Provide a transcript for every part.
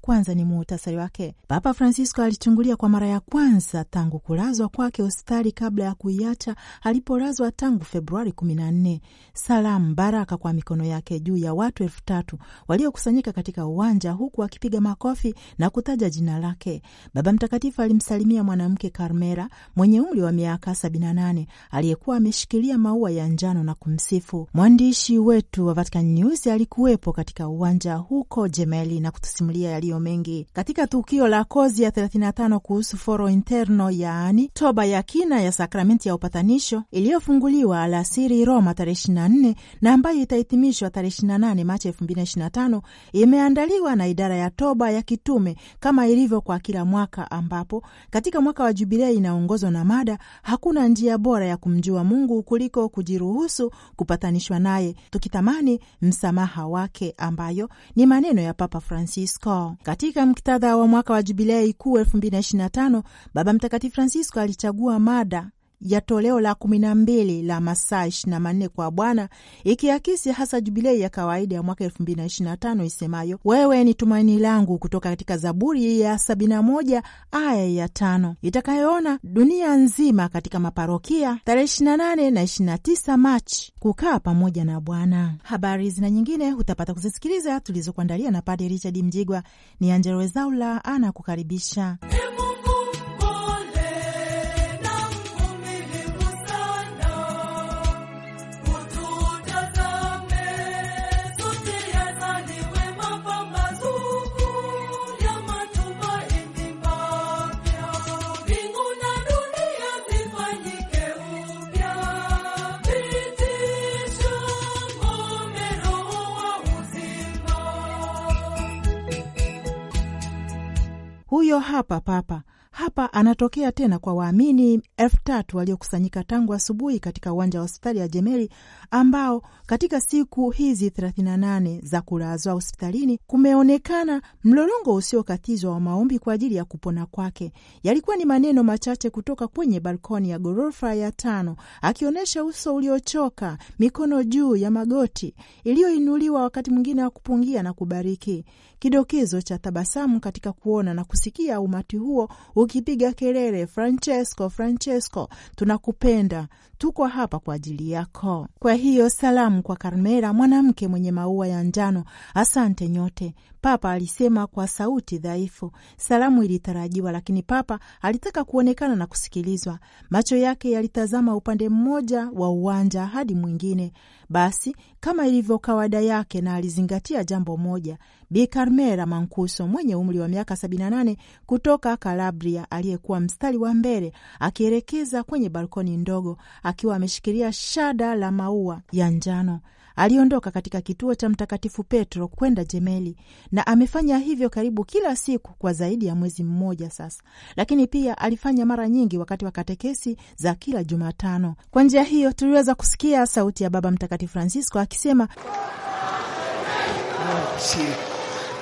kwanza ni muutasari wake. Papa Francisco alichungulia kwa mara ya kwanza tangu kulazwa kwake hospitali kabla ya kuiacha alipolazwa tangu Februari 14 salamu baraka kwa mikono yake juu ya watu elfu tatu waliokusanyika katika uwanja, huku akipiga makofi na kutaja jina lake. Baba Mtakatifu alimsalimia mwanamke carmela mwenye umri wa miaka 78 aliyekuwa ameshikilia maua ya njano na kumsifu. Mwandishi wetu wa Vatican News alikuwepo katika uwanja huko Jemeli na kutusimulia yaliyo yaliyo mengi. Katika tukio la kozi ya 35 kuhusu foro interno, yaani toba ya kina ya sakramenti ya upatanisho iliyofunguliwa alasiri Roma tarehe 24 na ambayo itahitimishwa tarehe 28 Machi 2025 imeandaliwa na idara ya toba ya kitume kama ilivyo kwa kila mwaka, ambapo katika mwaka wa Jubilei inaongozwa na mada hakuna njia bora ya kumjua Mungu kuliko kujiruhusu kupatanishwa naye tukitamani msamaha wake, ambayo ni maneno ya Papa Francisco. Katika mktadha wa mwaka wa jubilei kuu 2025 Baba Mtakatifu Francisco alichagua mada ya toleo la kumi na mbili la masaa ishirini na manne kwa Bwana, ikiakisi hasa jubilei ya kawaida ya mwaka elfu mbili na ishirini na tano isemayo wewe ni tumaini langu, kutoka katika Zaburi ya sabini na moja aya ya tano itakayoona dunia nzima katika maparokia tarehe ishirini na nane na ishirini na tisa Machi kukaa pamoja na Bwana. Habari zina nyingine utapata kuzisikiliza tulizokuandalia na Padre Richard Mjigwa. Ni Angelo Wezaula ana kukaribisha Huyo hapa Papa hapa anatokea tena kwa waamini elfu tatu waliokusanyika tangu asubuhi katika uwanja wa hospitali ya Jemeli ambao katika siku hizi 38 za kulazwa hospitalini kumeonekana mlolongo usiokatizwa wa maombi kwa ajili ya kupona kwake. Yalikuwa ni maneno machache kutoka kwenye balkoni ya ghorofa ya tano, akionyesha uso uliochoka, mikono juu ya magoti iliyoinuliwa, wakati mwingine wa kupungia na kubariki, kidokezo cha tabasamu katika kuona na kusikia umati huo ukipiga kelele, Francesco, Francesco, tunakupenda, tuko hapa kwa ajili yako. Kwa hiyo salamu kwa Karmela, mwanamke mwenye maua ya njano, asante nyote, Papa alisema kwa sauti dhaifu. Salamu ilitarajiwa, lakini Papa alitaka kuonekana na kusikilizwa. Macho yake yalitazama upande mmoja wa uwanja hadi mwingine, basi kama ilivyo kawaida yake, na alizingatia jambo moja Bi Carmela Mancuso mwenye umri wa miaka 78 kutoka Calabria, aliyekuwa mstari wa mbele akielekeza kwenye balkoni ndogo akiwa ameshikilia shada la maua ya njano. Aliondoka katika kituo cha Mtakatifu Petro kwenda Jemeli na amefanya hivyo karibu kila siku kwa zaidi ya mwezi mmoja sasa, lakini pia alifanya mara nyingi wakati wa katekesi za kila Jumatano. Kwa njia hiyo tuliweza kusikia sauti ya Baba Mtakatifu Francisco akisema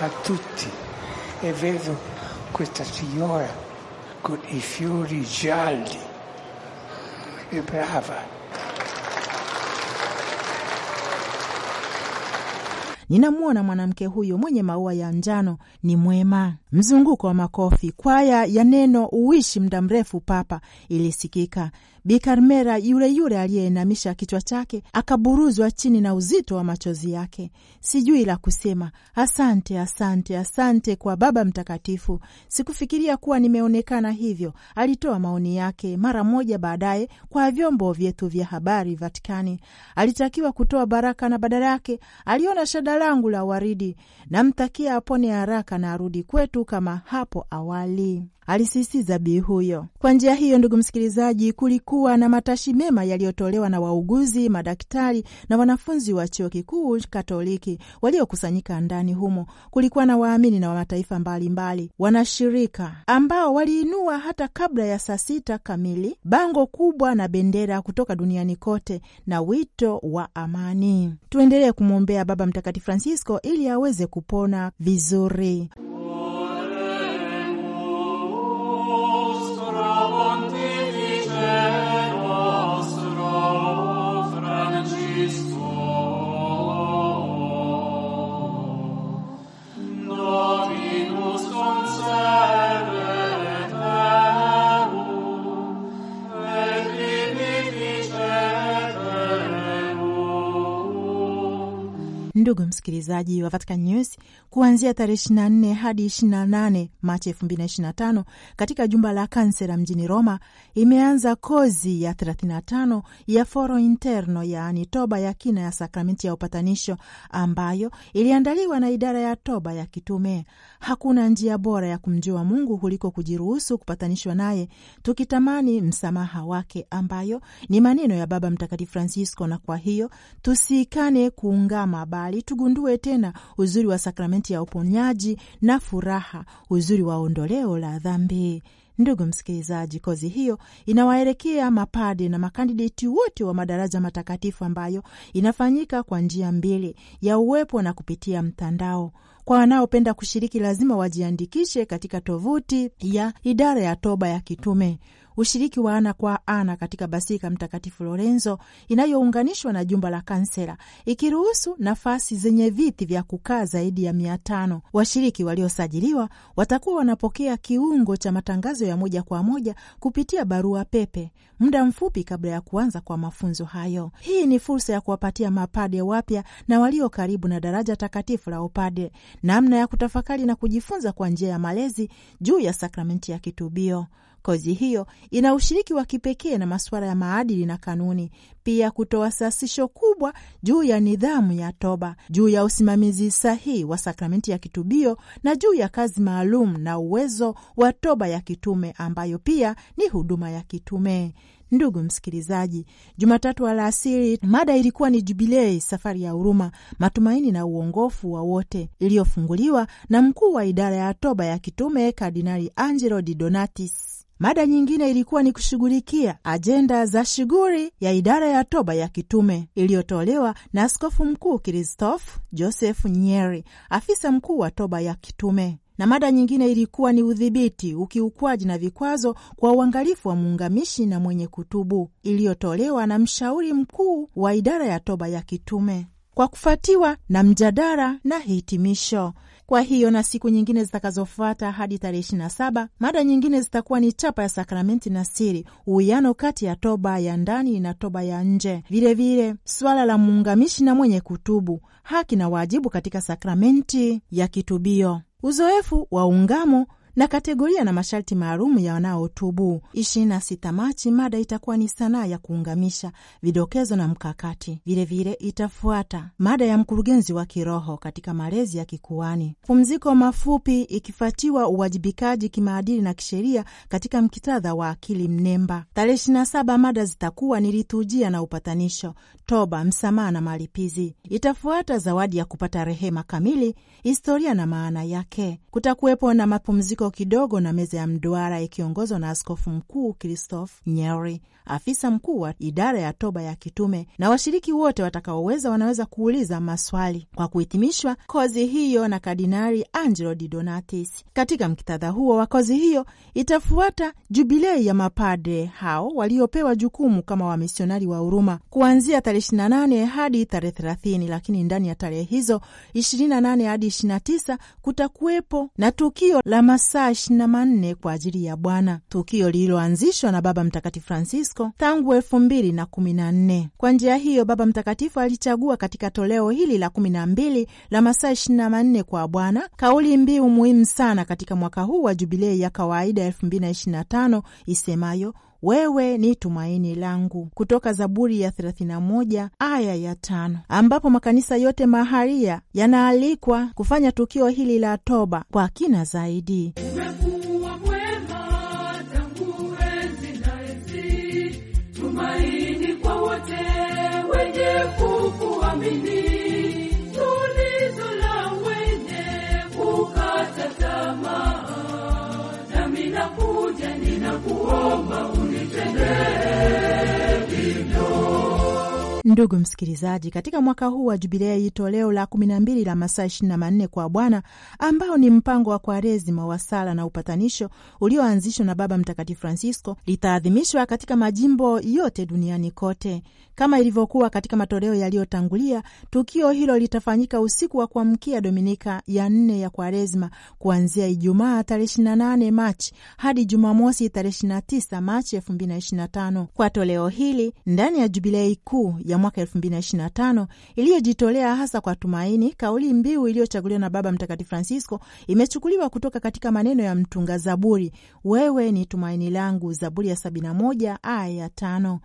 a tutti e vedo questa signora con i fiori gialli. Che brava! Ninamwona mwanamke huyo mwenye maua ya njano ni mwema. Mzunguko wa makofi, kwaya ya neno uishi muda mrefu papa ilisikika. Bi Karmera yule yule aliyeinamisha kichwa chake akaburuzwa chini na uzito wa machozi yake. Sijui la kusema. Asante, asante, asante kwa Baba Mtakatifu. Sikufikiria kuwa nimeonekana hivyo, alitoa maoni yake mara moja baadaye kwa vyombo vyetu vya habari Vatikani. Alitakiwa kutoa baraka na badala yake aliona shada langu la waridi. Namtakia apone haraka na arudi kwetu kama hapo awali alisisitiza Bi huyo. Kwa njia hiyo, ndugu msikilizaji, kulikuwa na matashi mema yaliyotolewa na wauguzi, madaktari na wanafunzi wa chuo kikuu Katoliki waliokusanyika ndani humo. Kulikuwa na waamini na wa mataifa mbalimbali wanashirika ambao waliinua hata kabla ya saa sita kamili bango kubwa na bendera kutoka duniani kote na wito wa amani. Tuendelee kumwombea Baba Mtakatifu Francisco ili aweze kupona vizuri. Ndugu msikilizaji wa Vatican News, kuanzia tarehe 24 hadi 28 Machi 2025 katika jumba la kansera mjini Roma, imeanza kozi ya 35 ya Foro Interno, yaani toba ya kina ya sakramenti ya upatanisho, ambayo iliandaliwa na idara ya toba ya kitume. Hakuna njia bora ya kumjua Mungu kuliko kujiruhusu kupatanishwa naye, tukitamani msamaha wake, ambayo ni maneno ya Baba Mtakatifu Francisco. Na kwa hiyo tusiikane kuungama, bali tugundue tena uzuri wa sakramenti kati ya uponyaji na furaha, uzuri wa ondoleo la dhambi. Ndugu msikilizaji, kozi hiyo inawaelekea mapade na makandideti wote wa madaraja matakatifu ambayo inafanyika kwa njia mbili, ya uwepo na kupitia mtandao. Kwa wanaopenda kushiriki lazima wajiandikishe katika tovuti ya idara ya toba ya kitume ushiriki wa ana kwa ana katika Basilika Mtakatifu Lorenzo inayounganishwa na jumba la kansela, ikiruhusu nafasi zenye viti vya kukaa zaidi ya mia tano. Washiriki waliosajiliwa watakuwa wanapokea kiungo cha matangazo ya moja kwa moja kupitia barua pepe muda mfupi kabla ya kuanza kwa mafunzo hayo. Hii ni fursa ya kuwapatia mapade wapya na walio karibu na daraja takatifu la upade namna ya kutafakari na kujifunza kwa njia ya malezi juu ya sakramenti ya kitubio. Kozi hiyo ina ushiriki wa kipekee na masuala ya maadili na kanuni, pia kutoa sasisho kubwa juu ya nidhamu ya toba, juu ya usimamizi sahihi wa sakramenti ya kitubio na juu ya kazi maalum na uwezo wa toba ya kitume ambayo pia ni huduma ya kitume. Ndugu msikilizaji, Jumatatu alasiri mada ilikuwa ni Jubilei, safari ya huruma, matumaini na uongofu wa wote, iliyofunguliwa na mkuu wa idara ya toba ya kitume Kardinali Angelo Di Donatis. Mada nyingine ilikuwa ni kushughulikia ajenda za shughuli ya idara ya toba ya kitume iliyotolewa na Askofu Mkuu Kristof Joseph Nyeri, afisa mkuu wa toba ya kitume na mada nyingine ilikuwa ni udhibiti ukiukwaji na vikwazo kwa uangalifu wa muungamishi na mwenye kutubu iliyotolewa na mshauri mkuu wa idara ya toba ya kitume kwa kufuatiwa na mjadala na hitimisho. Kwa hiyo na siku nyingine zitakazofuata hadi tarehe saba mada nyingine zitakuwa ni chapa ya sakramenti na siri, uwiano kati ya toba ya ndani na toba ya nje, vilevile swala la muungamishi na mwenye kutubu, haki na wajibu katika sakramenti ya kitubio, uzoefu wa ungamo na kategoria na masharti maalum ya wanaotubu. 26 Machi mada itakuwa ni sanaa ya kuungamisha, vidokezo na mkakati. Vilevile itafuata mada ya mkurugenzi wa kiroho katika malezi ya kikuani, pumziko mafupi ikifuatiwa uwajibikaji kimaadili na kisheria katika mkitadha wa akili mnemba. Tarehe 27 mada zitakuwa ni liturujia na upatanisho, toba, msamaha na malipizi. Itafuata zawadi ya kupata rehema kamili, historia na maana yake. Kutakuwepo na mapumziko kidogo na meza ya mduara ikiongozwa na Askofu Mkuu Kristof Nyeri, afisa mkuu wa idara ya toba ya kitume, na washiriki wote watakaoweza wanaweza kuuliza maswali. Kwa kuhitimishwa kozi hiyo na Kardinari Angelo Di Donatis. Katika mktadha huo wa kozi hiyo itafuata jubilei ya mapadre hao waliopewa jukumu kama wamisionari wa huruma kuanzia tarehe 28 hadi tarehe 30, lakini ndani ya tarehe hizo 28 hadi 29 kutakuwepo na tukio la mas saa 24 kwa ajili ya Bwana, tukio lililoanzishwa na Baba Mtakatifu Francisco tangu elfu mbili na kumi na nne. Kwa njia hiyo, Baba Mtakatifu alichagua katika toleo hili la kumi na mbili la masaa 24 kwa Bwana kauli mbiu muhimu sana katika mwaka huu wa jubilei ya kawaida 225 isemayo wewe ni tumaini langu, kutoka Zaburi ya 31 aya ya tano, ambapo makanisa yote maharia yanaalikwa kufanya tukio hili la toba kwa kina zaidi. Tumaini kwa wote wenye kukuamini Ndugu msikilizaji, katika mwaka huu wa Jubilei, toleo la 12 la masaa 24 kwa Bwana, ambao ni mpango wa Kwaresima wa sala na upatanisho ulioanzishwa na Baba Mtakatifu Francisco, litaadhimishwa katika majimbo yote duniani kote. Kama ilivyokuwa katika matoleo yaliyotangulia, tukio hilo litafanyika usiku wa kuamkia Dominika ya nne ya Kwaresma, kuanzia Ijumaa tarehe 28 Machi hadi Jumamosi tarehe 29 Machi 2025. Kwa toleo hili ndani ya Jubilei kuu ya mwaka 2025 iliyojitolea hasa kwa tumaini, kauli mbiu iliyochaguliwa na Baba Mtakatifu Francisco imechukuliwa kutoka katika maneno ya mtunga Zaburi, wewe ni tumaini langu, Zaburi ya 71 aya ya 5.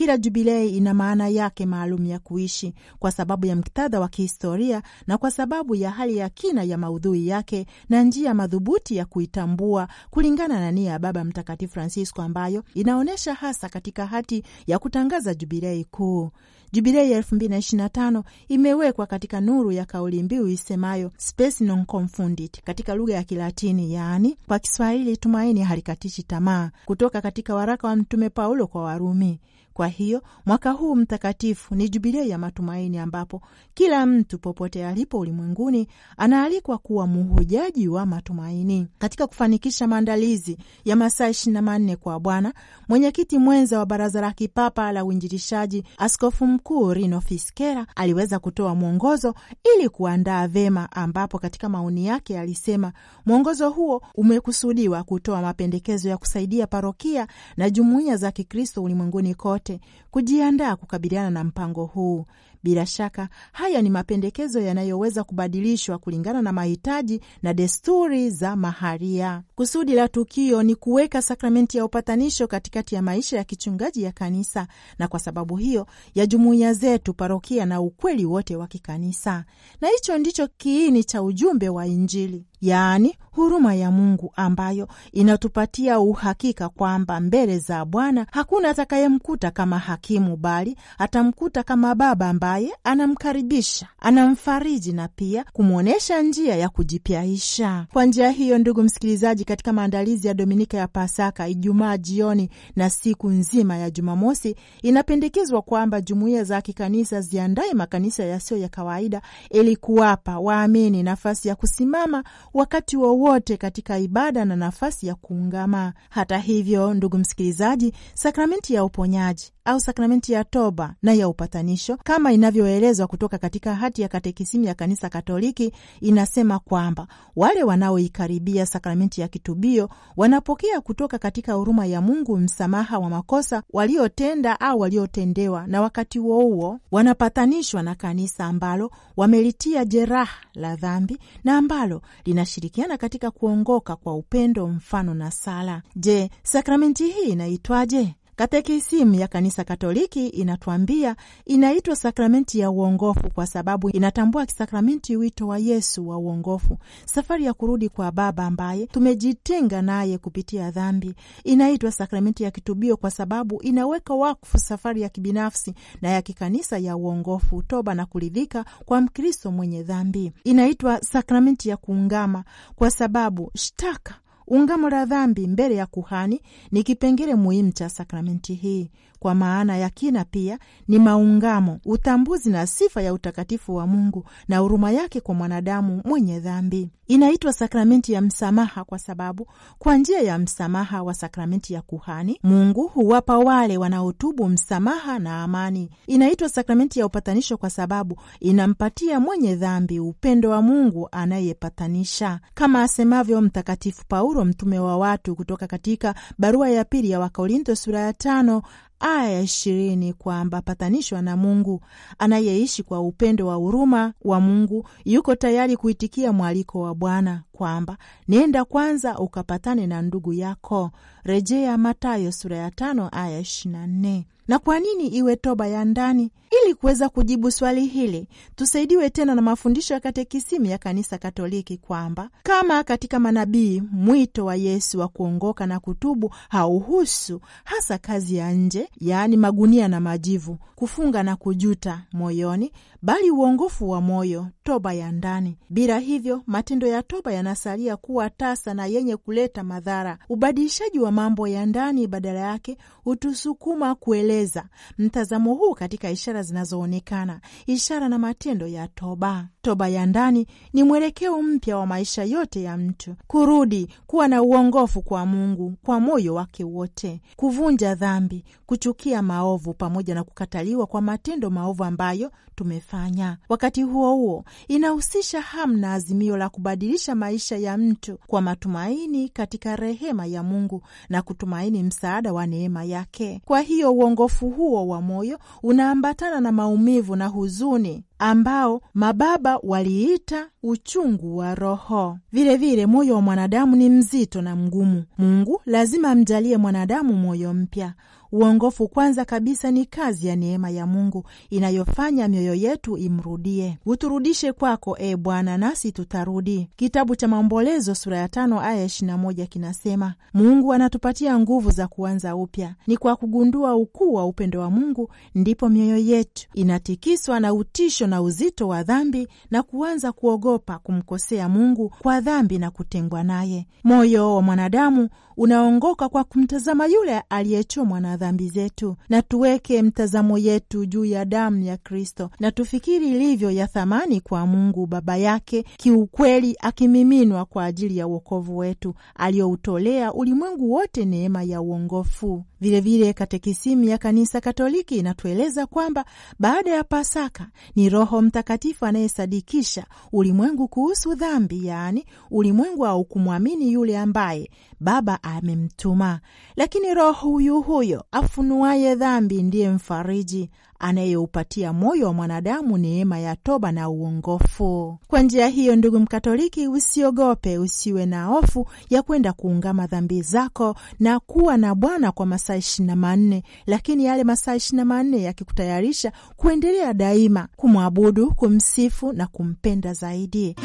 Kila jubilei ina maana yake maalum ya kuishi kwa sababu ya muktadha wa kihistoria na kwa sababu ya hali ya kina ya maudhui yake na njia madhubuti ya kuitambua kulingana na nia ya Baba Mtakatifu Francisco, ambayo inaonyesha hasa katika hati ya kutangaza jubilei kuu. Jubilei ya 2025 imewekwa katika nuru ya kauli mbiu isemayo Spes non confundit katika lugha ya Kilatini, yaani kwa Kiswahili tumaini halikatishi tamaa, kutoka katika waraka wa Mtume Paulo kwa Warumi. Kwa hiyo mwaka huu mtakatifu ni jubilei ya matumaini, ambapo kila mtu popote alipo ulimwenguni anaalikwa kuwa mhujaji wa matumaini. Katika kufanikisha maandalizi ya masaa ishirini na manne kwa Bwana, mwenyekiti mwenza wa Baraza la Kipapa la Uinjilishaji, Askofu Mkuu Rino Fiskera aliweza kutoa mwongozo ili kuandaa vema, ambapo katika maoni yake alisema mwongozo huo umekusudiwa kutoa mapendekezo ya kusaidia parokia na jumuiya za Kikristo ulimwenguni kote wote kujiandaa kukabiliana na mpango huu. Bila shaka haya ni mapendekezo yanayoweza kubadilishwa kulingana na mahitaji na desturi za maharia. Kusudi la tukio ni kuweka sakramenti ya upatanisho katikati ya maisha ya kichungaji ya kanisa, na kwa sababu hiyo ya jumuiya zetu, parokia na ukweli wote wa kikanisa. Na hicho ndicho kiini cha ujumbe wa Injili yaani huruma ya Mungu ambayo inatupatia uhakika kwamba mbele za Bwana hakuna atakayemkuta kama hakimu, bali atamkuta kama baba ambaye anamkaribisha, anamfariji na pia kumwonyesha njia ya kujipyaisha. Kwa njia hiyo, ndugu msikilizaji, katika maandalizi ya Dominika ya Pasaka, Ijumaa jioni na siku nzima ya Jumamosi, inapendekezwa kwamba jumuiya za kikanisa ziandaye makanisa yasiyo ya kawaida ili kuwapa waamini nafasi ya kusimama wakati wowote wa katika ibada na nafasi ya kuungama. Hata hivyo, ndugu msikilizaji, sakramenti ya uponyaji au sakramenti ya toba na ya upatanisho kama inavyoelezwa kutoka katika hati ya katekisimu ya Kanisa Katoliki inasema kwamba wale wanaoikaribia sakramenti ya kitubio wanapokea kutoka katika huruma ya Mungu msamaha wa makosa waliotenda au waliotendewa, na wakati huo huo wanapatanishwa na kanisa ambalo wamelitia jeraha la dhambi na ambalo lina inashirikiana katika kuongoka kwa upendo, mfano na sala. Je, sakramenti hii inaitwaje? Katekisimu ya Kanisa Katoliki inatuambia inaitwa sakramenti ya uongofu kwa sababu inatambua kisakramenti wito wa Yesu wa uongofu, safari ya kurudi kwa Baba ambaye tumejitenga naye kupitia dhambi. Inaitwa sakramenti ya kitubio kwa sababu inaweka wakfu safari ya kibinafsi na ya kikanisa ya uongofu, toba na kuridhika kwa Mkristo mwenye dhambi. Inaitwa sakramenti ya kuungama kwa sababu shtaka Ungamo la dhambi mbele ya kuhani ni kipengele muhimu cha sakramenti hii kwa maana ya kina pia ni maungamo, utambuzi na sifa ya utakatifu wa Mungu na huruma yake kwa mwanadamu mwenye dhambi. Inaitwa sakramenti ya msamaha kwa sababu kwa njia ya msamaha wa sakramenti ya kuhani Mungu huwapa wale wanaotubu msamaha na amani. Inaitwa sakramenti ya upatanisho kwa sababu inampatia mwenye dhambi upendo wa Mungu anayepatanisha, kama asemavyo Mtakatifu Paulo mtume wa watu kutoka katika barua ya pili ya Wakorinto sura ya tano aya ya ishirini kwamba patanishwa na Mungu anayeishi kwa upendo wa huruma wa Mungu, yuko tayari kuitikia mwaliko wa Bwana kwamba nenda kwanza ukapatane na ndugu yako. Rejea Mathayo sura ya tano aya ishirini na nne na kwa nini iwe toba ya ndani? Ili kuweza kujibu swali hili, tusaidiwe tena na mafundisho ya katekisimu ya Kanisa Katoliki kwamba kama katika manabii mwito wa Yesu wa kuongoka na kutubu hauhusu hasa kazi ya nje, yaani magunia na majivu, kufunga na kujuta moyoni, bali uongofu wa moyo toba ya ndani. Bila hivyo, matendo ya toba yanasalia kuwa tasa na yenye kuleta madhara. Ubadilishaji wa mambo ya ndani badala yake hutusukuma kueleza mtazamo huu katika ishara zinazoonekana, ishara na matendo ya toba. Toba ya ndani ni mwelekeo mpya wa maisha yote ya mtu, kurudi kuwa na uongofu kwa Mungu kwa moyo wake wote, kuvunja dhambi, kuchukia maovu, pamoja na kukataliwa kwa matendo maovu ambayo tumefanya. Wakati huo huo, inahusisha hamu na azimio la kubadilisha maisha ya mtu kwa matumaini katika rehema ya Mungu na kutumaini msaada wa neema yake. Kwa hiyo uongofu huo wa moyo unaambatana na maumivu na huzuni ambao mababa waliita uchungu wa roho. Vilevile, moyo wa mwanadamu ni mzito na mgumu. Mungu lazima amjalie mwanadamu moyo mpya. Uongofu kwanza kabisa ni kazi ya neema ya Mungu inayofanya mioyo yetu imrudie. Uturudishe kwako, e Bwana, nasi tutarudi. Kitabu cha Maombolezo sura ya tano aya ishirini na moja kinasema, Mungu anatupatia nguvu za kuanza upya. Ni kwa kugundua ukuu wa upendo wa Mungu ndipo mioyo yetu inatikiswa na utisho na uzito wa dhambi na kuanza kuogopa kumkosea Mungu kwa dhambi na kutengwa naye. Moyo wa mwanadamu unaongoka kwa kumtazama yule aliyechomwa na dhambi zetu, na tuweke mtazamo yetu juu ya damu ya Kristo, na tufikiri ilivyo ya thamani kwa Mungu Baba yake kiukweli, akimiminwa kwa ajili ya uokovu wetu, aliyoutolea ulimwengu wote neema ya uongofu. Vilevile, katekisimu ya Kanisa Katoliki inatueleza kwamba baada ya Pasaka ni Roho Mtakatifu anayesadikisha ulimwengu kuhusu dhambi, yaani ulimwengu haukumwamini yule ambaye Baba amemtuma, lakini Roho huyu huyo afunuaye dhambi ndiye mfariji anayeupatia moyo wa mwanadamu neema ya toba na uongofu. Kwa njia hiyo, ndugu Mkatoliki, usiogope, usiwe na hofu ya kwenda kuungama dhambi zako na kuwa na Bwana kwa masaa ishirini na manne, lakini yale masaa ishirini na manne yakikutayarisha kuendelea daima kumwabudu, kumsifu na kumpenda zaidi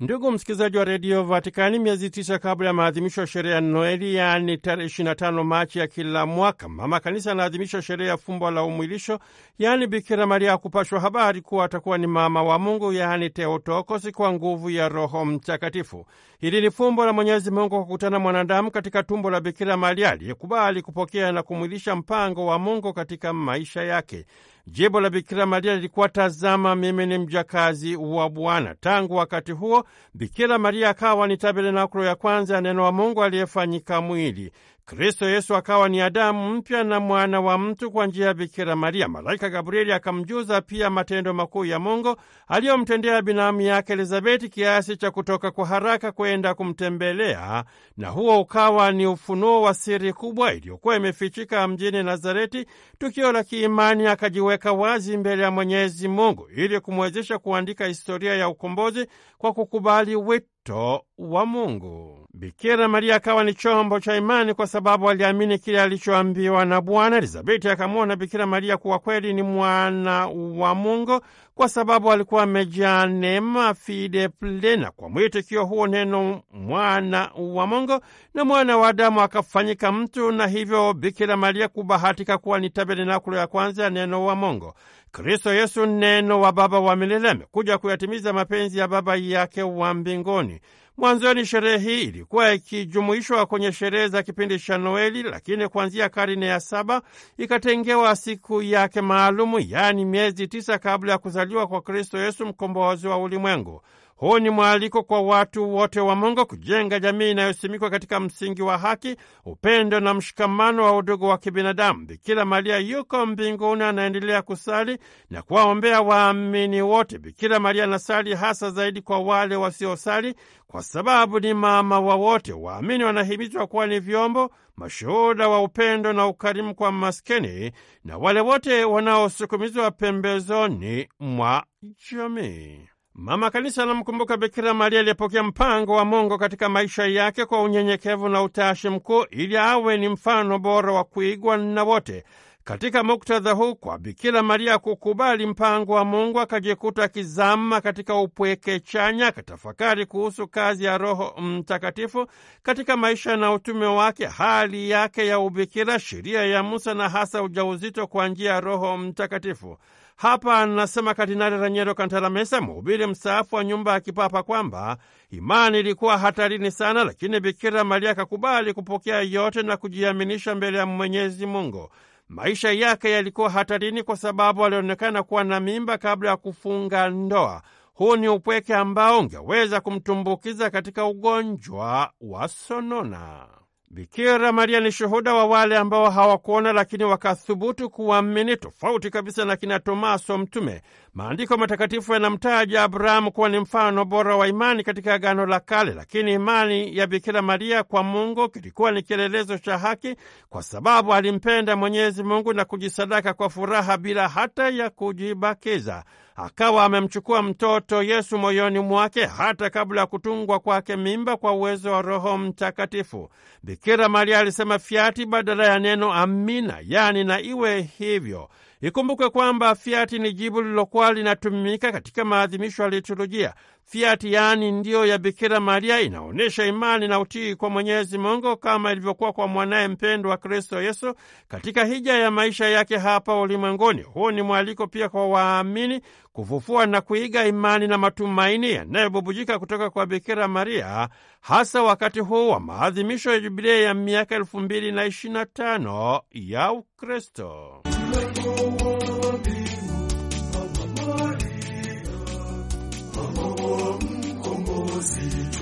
Ndugu msikilizaji wa redio Vatikani, miezi tisa kabla ya maadhimisho ya sherehe ya Noeli, yaani tarehe 25 Machi ya kila mwaka, mama kanisa anaadhimisha sherehe ya fumbo la umwilisho yaani Bikira Maria kupashwa habari kuwa atakuwa ni mama wa Mungu, yaani Teotokosi, kwa nguvu ya Roho Mtakatifu. Hili ni fumbo la Mwenyezi Mungu kwa kukutana mwanadamu katika tumbo la Bikira Maria aliyekubali kupokea na kumwilisha mpango wa Mungu katika maisha yake. Jibu la Bikira Maria lilikuwa tazama, mimi ni mjakazi wa Bwana. Tangu wakati huo, Bikira Maria akawa ni tabernakulo ya kwanza ya neno wa Mungu aliyefanyika mwili. Kristo Yesu akawa ni Adamu mpya na mwana wa mtu kwa njia ya Bikira Maria. Malaika Gabrieli akamjuza pia matendo makuu ya Mungu aliyomtendea binamu yake Elizabeti, kiasi cha kutoka kwa haraka kwenda kumtembelea, na huo ukawa ni ufunuo wa siri kubwa iliyokuwa imefichika mjini Nazareti. Tukio la kiimani akajiweka wazi mbele ya Mwenyezi Mungu ili kumwezesha kuandika historia ya ukombozi kwa kukubali wito mtoto wa Mungu. Bikira Maria akawa ni chombo cha imani kwa sababu aliamini kile alichoambiwa na Bwana. Elizabeti akamwona Bikira Maria kuwa kweli ni mwana wa Mungu kwa sababu alikuwa amejaa neema fide plena. Kwa mwitikio huo neno mwana wa Mungu na mwana wa Adamu akafanyika mtu, na hivyo Bikira Maria kubahatika kuwa ni tabernakulo ya kwanza ya neno wa Mungu. Kristo Yesu neno wa Baba wa milele amekuja kuyatimiza mapenzi ya Baba yake wa mbinguni. Mwanzoni sherehe hii ilikuwa ikijumuishwa kwenye sherehe za kipindi cha Noeli, lakini kuanzia karne ya saba ikatengewa siku yake maalumu, yaani miezi tisa kabla ya kuzaliwa kwa Kristo Yesu mkombozi wa ulimwengu. Huu ni mwaliko kwa watu wote wa Mungu kujenga jamii inayosimikwa katika msingi wa haki, upendo na mshikamano wa udugu wa kibinadamu. Bikira Maria yuko mbinguni anaendelea kusali na kuwaombea waamini wote. Bikira Maria anasali hasa zaidi kwa wale wasiosali, kwa sababu ni mama wa wote. Waamini wanahimizwa kuwa ni vyombo mashuhuda wa upendo na ukarimu kwa maskini na wale wote wanaosukumizwa pembezoni mwa jamii. Mama Kanisa anamkumbuka Bikira Maria aliyepokea mpango wa Mungu katika maisha yake kwa unyenyekevu na utashi mkuu, ili awe ni mfano bora wa kuigwa na wote. Katika muktadha huu, kwa Bikira Maria kukubali mpango wa Mungu, akajikuta akizama katika upweke chanya, akatafakari kuhusu kazi ya Roho Mtakatifu katika maisha na utume wake, hali yake ya ubikira, sheria ya Musa na hasa ujauzito kwa njia ya Roho Mtakatifu. Hapa anasema Kardinali Raniero Kantalamesa, mhubiri mstaafu wa nyumba ya kipapa, kwamba imani ilikuwa hatarini sana, lakini Bikira Maria akakubali kupokea yote na kujiaminisha mbele ya Mwenyezi Mungu. Maisha yake yalikuwa hatarini kwa sababu alionekana kuwa na mimba kabla ya kufunga ndoa. Huu ni upweke ambao ungeweza kumtumbukiza katika ugonjwa wa sonona. Bikira Maria ni shuhuda wa wale ambao hawakuona lakini wakathubutu kuamini, tofauti kabisa na kina Tomaso mtume. Maandiko matakatifu yanamtaja Abrahamu kuwa ni mfano bora wa imani katika Agano la Kale, lakini imani ya Bikira Maria kwa Mungu kilikuwa ni kielelezo cha haki, kwa sababu alimpenda Mwenyezi Mungu na kujisadaka kwa furaha bila hata ya kujibakiza. Akawa amemchukua mtoto Yesu moyoni mwake hata kabla ya kutungwa kwake mimba kwa uwezo wa Roho Mtakatifu. Bikira Maria alisema fiati badala ya neno amina, yaani na iwe hivyo. Ikumbukwe kwamba fiati ni jibu lilokuwa linatumika katika maadhimisho ya liturujia. Fiati yaani ndiyo ya Bikira Maria inaonyesha imani na utii kwa Mwenyezi Mungu kama ilivyokuwa kwa mwanaye mpendwa Kristo Yesu katika hija ya maisha yake hapa ulimwenguni. Huu ni mwaliko pia kwa waamini kufufua na kuiga imani na matumaini yanayobubujika kutoka kwa Bikira Maria, hasa wakati huu wa maadhimisho ya Jubilei ya miaka elfu mbili na ishirini na tano ya Ukristo. Oh,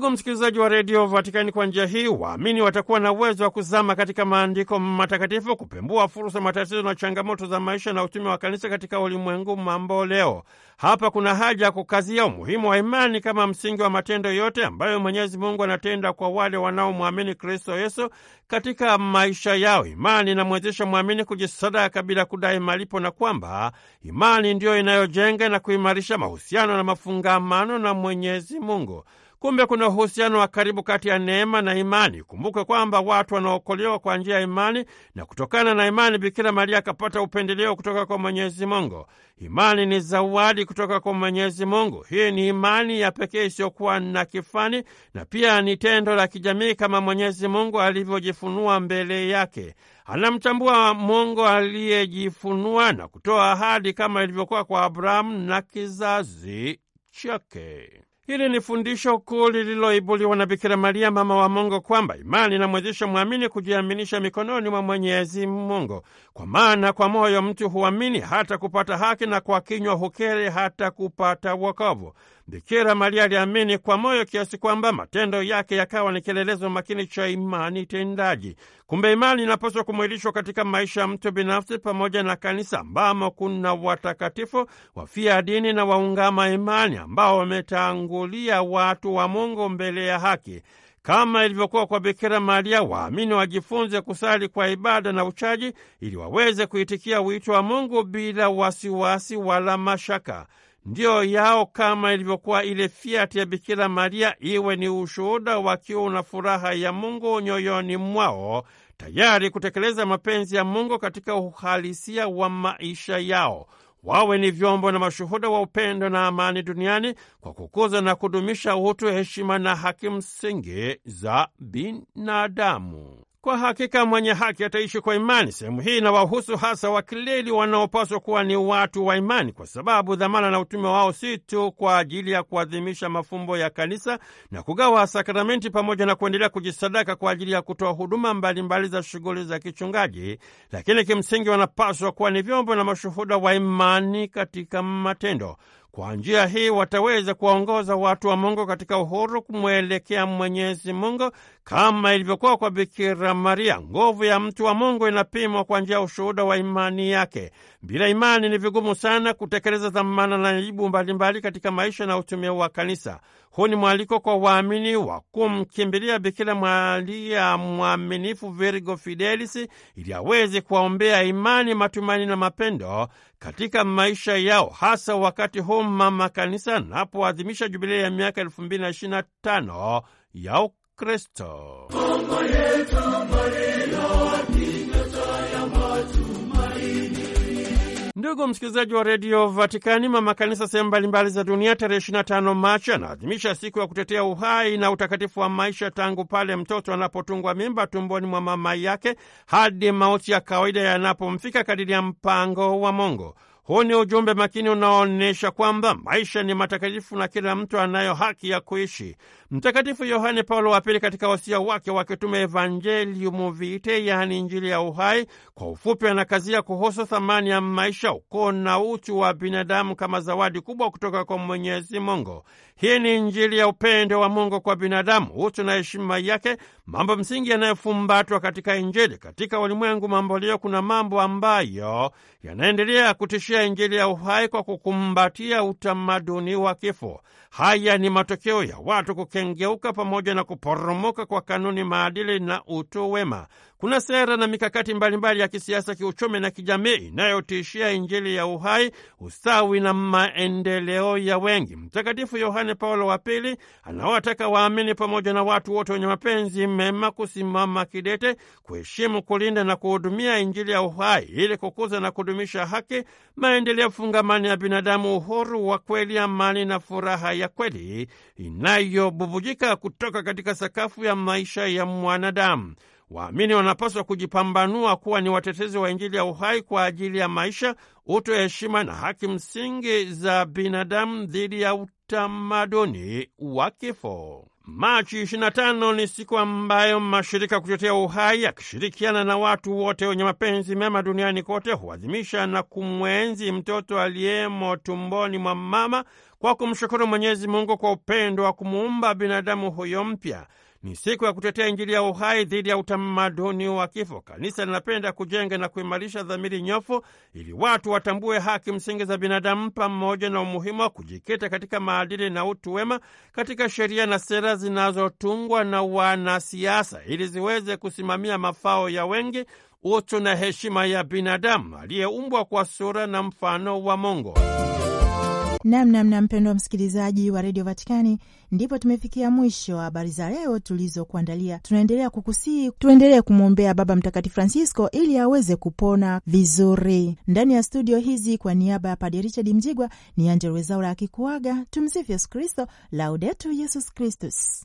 Ndugu msikilizaji wa redio Vatikani, kwa njia hii waamini watakuwa na uwezo wa kuzama katika maandiko matakatifu, kupembua fursa, matatizo na changamoto za maisha na utume wa kanisa katika ulimwengu mambo leo. Hapa kuna haja ya kukazia umuhimu wa imani kama msingi wa matendo yote ambayo Mwenyezi Mungu anatenda kwa wale wanaomwamini Kristo Yesu katika maisha yao. Imani inamwezesha mwamini kujisadaka bila kudai malipo, na kwamba imani ndiyo inayojenga na kuimarisha mahusiano na mafungamano na Mwenyezi Mungu. Kumbe kuna uhusiano wa karibu kati ya neema na imani. Kumbuke kwamba watu wanaokolewa kwa njia ya imani, na kutokana na imani Bikira Maria akapata upendeleo kutoka kwa Mwenyezi Mungu. Imani ni zawadi kutoka kwa Mwenyezi Mungu. Hii ni imani ya pekee isiyokuwa na kifani, na pia ni tendo la kijamii kama Mwenyezi Mungu alivyojifunua mbele yake. Anamtambua Mungu aliyejifunua na kutoa ahadi kama ilivyokuwa kwa Abrahamu na kizazi chake. Hili ni fundisho kuu lililoibuliwa na Bikira Maria, mama wa Mungu, kwamba imani inamwezesha mwamini kujiaminisha mikononi mwa Mwenyezi Mungu, kwa maana kwa moyo mtu huamini hata kupata haki, na kwa kinywa hukiri hata kupata wokovu. Bikira Maria aliamini kwa moyo kiasi kwamba matendo yake yakawa ni kielelezo makini cha imani tendaji. Kumbe imani inapaswa kumwilishwa katika maisha ya mtu binafsi pamoja na kanisa, ambamo kuna watakatifu wafia dini na waungama imani ambao wametangulia watu wa Mungu mbele ya haki. Kama ilivyokuwa kwa Bikira Maria, waamini wajifunze kusali kwa ibada na uchaji ili waweze kuitikia wito wa Mungu bila wasiwasi wala mashaka ndiyo yao kama ilivyokuwa ile fiati ya Bikira Maria, iwe ni ushuhuda wa kiu na furaha ya Mungu nyoyoni mwao, tayari kutekeleza mapenzi ya Mungu katika uhalisia wa maisha yao. Wawe ni vyombo na mashuhuda wa upendo na amani duniani kwa kukuza na kudumisha utu, heshima na haki msingi za binadamu. Kwa hakika mwenye haki ataishi kwa imani. Sehemu hii inawahusu hasa wakileli wanaopaswa kuwa ni watu wa imani, kwa sababu dhamana na utume wao si tu kwa ajili ya kuadhimisha mafumbo ya kanisa na kugawa sakramenti pamoja na kuendelea kujisadaka kwa ajili ya kutoa huduma mbalimbali mbali za shughuli za kichungaji, lakini kimsingi wanapaswa kuwa ni vyombo na mashuhuda wa imani katika matendo. Kwa njia hii wataweza kuwaongoza watu wa Mungu katika uhuru kumwelekea Mwenyezi Mungu, kama ilivyokuwa kwa Bikira Maria. Nguvu ya mtu wa Mungu inapimwa kwa njia ya ushuhuda wa imani yake. Bila imani ni vigumu sana kutekeleza dhamana na wajibu mbalimbali katika maisha na utumia wa kanisa. Huu ni mwaliko kwa waamini wa kumkimbilia Bikira Maria mwaminifu Virgo Fidelis ili aweze kuwaombea imani, matumaini na mapendo katika maisha yao, hasa wakati huu mama kanisa napoadhimisha jubilei ya miaka 225 ya Ukristo. ishirini yetu, tano ya Ukristo. Ndugu msikilizaji wa redio Vatikani, mama kanisa sehemu mbalimbali za dunia tarehe 25 Machi anaadhimisha siku ya kutetea uhai na utakatifu wa maisha, tangu pale mtoto anapotungwa mimba tumboni mwa mama yake hadi mauti ya kawaida yanapomfika kadiri ya mpango wa Mungu. Huu ni ujumbe makini unaoonyesha kwamba maisha ni matakatifu na kila mtu anayo haki ya kuishi. Mtakatifu Yohane Paulo wa Pili katika wasia wake wa kitume Evangelium Vitae, yaani Injili ya uhai, kwa ufupi, anakazia kuhusu thamani ya maisha, ukoo na utu wa binadamu kama zawadi kubwa kutoka kwa Mwenyezi Mungu. Hii ni Injili ya upendo wa Mungu kwa binadamu, utu na heshima yake, mambo msingi yanayofumbatwa katika Injili. Katika ulimwengu mambo kuna mambo ambayo yanaendelea kutishia kuishikilia Injili ya uhai kwa kukumbatia utamaduni wa kifo. Haya ni matokeo ya watu kukengeuka pamoja na kuporomoka kwa kanuni maadili na utu wema. Kuna sera na mikakati mbalimbali ya kisiasa, kiuchumi na kijamii inayotishia Injili ya uhai, ustawi na maendeleo ya wengi. Mtakatifu Yohane Paulo wa Pili anawataka waamini pamoja na watu wote wenye mapenzi mema kusimama kidete, kuheshimu, kulinda na kuhudumia Injili ya uhai ili kukuza na kudumisha haki, maendeleo fungamani ya binadamu, uhuru wa kweli, amani na furaha ya kweli inayobubujika kutoka katika sakafu ya maisha ya mwanadamu. Waamini wanapaswa kujipambanua kuwa ni watetezi wa Injili ya uhai kwa ajili ya maisha, utu, heshima na haki msingi za binadamu dhidi ya utamaduni wa kifo. Machi 25 ni siku ambayo mashirika kutetea uhai yakishirikiana na watu wote wenye mapenzi mema duniani kote huadhimisha na kumwenzi mtoto aliyemo tumboni mwa mama kwa kumshukuru Mwenyezi Mungu kwa upendo wa kumuumba binadamu huyo mpya ni siku ya kutetea Injili ya uhai dhidi ya utamaduni wa kifo. Kanisa linapenda kujenga na kuimarisha dhamiri nyofu ili watu watambue haki msingi za binadamu pamoja na umuhimu wa kujikita katika maadili na utu wema katika sheria na sera zinazotungwa na wanasiasa ili ziweze kusimamia mafao ya wengi, utu na heshima ya binadamu aliyeumbwa kwa sura na mfano wa Mungu. Namnamna mpendwa msikilizaji wa redio Vatikani, ndipo tumefikia mwisho wa habari za leo tulizokuandalia. Tunaendelea kukusii tuendelee kumwombea Baba Mtakatifu Francisco ili aweze kupona vizuri. Ndani ya studio hizi, kwa niaba ya Padre Richard Mjigwa, ni Angella Rwezaula akikuaga. Tumsifu Yesu Kristo, Laudetur Yesus Kristus.